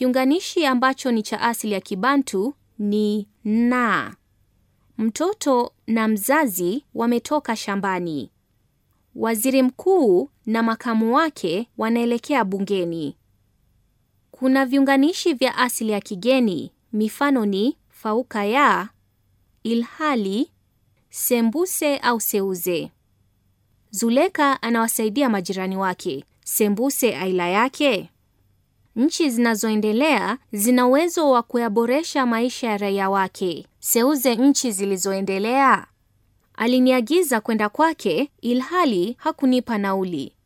Kiunganishi ambacho ni cha asili ya Kibantu ni na. Mtoto na mzazi wametoka shambani. Waziri mkuu na makamu wake wanaelekea bungeni. Kuna viunganishi vya asili ya kigeni, mifano ni fauka ya, ilhali, sembuse au seuze. Zuleka anawasaidia majirani wake. Sembuse aila yake? Nchi zinazoendelea zina uwezo wa kuyaboresha maisha ya raia wake. Seuze nchi zilizoendelea. Aliniagiza kwenda kwake ilhali hakunipa nauli.